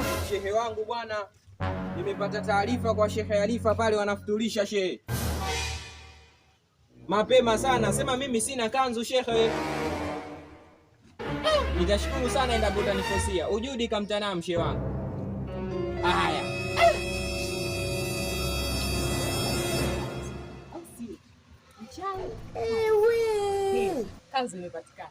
Basi shehe wangu bwana, nimepata taarifa kwa Shehe alifa pale wanafutulisha shehe mapema sana. Sema mimi sina kanzu shehe, nitashukuru sana endapo utanikosia ujudi kamtanaa shehe wangu. Haya, kanzu imepatikana.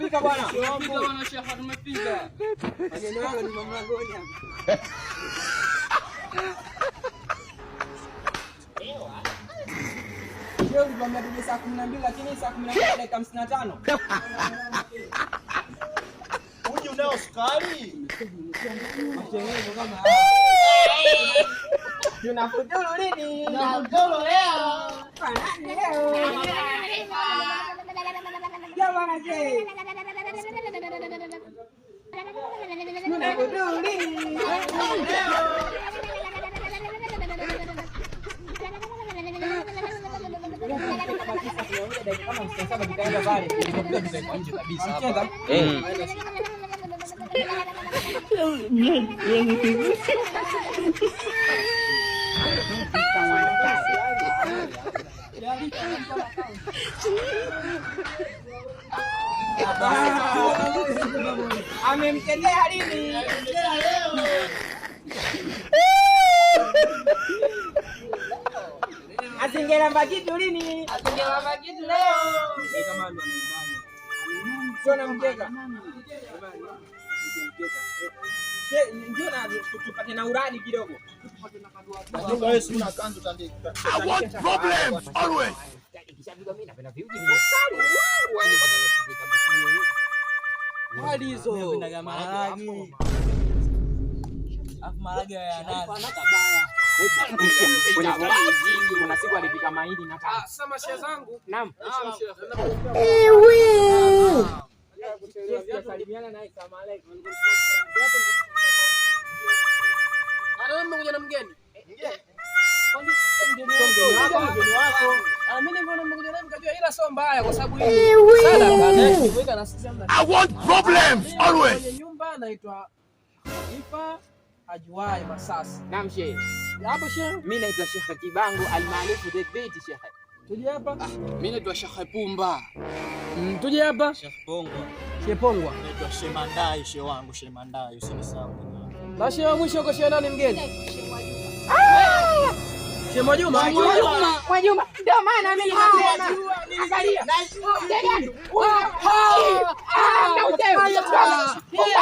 Tumefika bwana. Tumefika bwana Sheikh, tumefika. Maneno yako ni mamlangoni hapa. Leo tulikwambia tuje saa 12 lakini saa 11 dakika 55. Uji unao sukari? Matengenezo kama haya. Tunafuturu lini? Tunafuturu leo. Leo. যাওয়ার আগে Então, é amemtendea lini? Asingelamba kitu lini? Asingelamba kitu leo. Sio mkeka. Tupate na uradi kidogo wali hizo maharage, afu maharage ya nazi kuna siku alipika mahindi na sasa. Mashehe zangu, naam, ewe salimiana naye, salamu alaykum. Ana mgeni na mgeni mgeni wako Ah, I want problems always. Kwenye nyumba naitwa Ifa Ajuai Masasi. Naam shehe. Hapo shehe? Mimi naitwa Sheikh Kibango almaarufu The Great Sheikh. Tuje hapa? Ah, mimi naitwa Sheikh Pumba. Mm, tuje hapa? Sheikh Pongo. Sheikh Pongo. Naitwa Sheikh Mandai shehe wangu Sheikh Mandai usinisahau. Na wa mwisho kwa shehe nani mgeni? Mwajuma, Mwajuma, ndio maana mimi nasema angalia,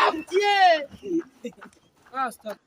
angalia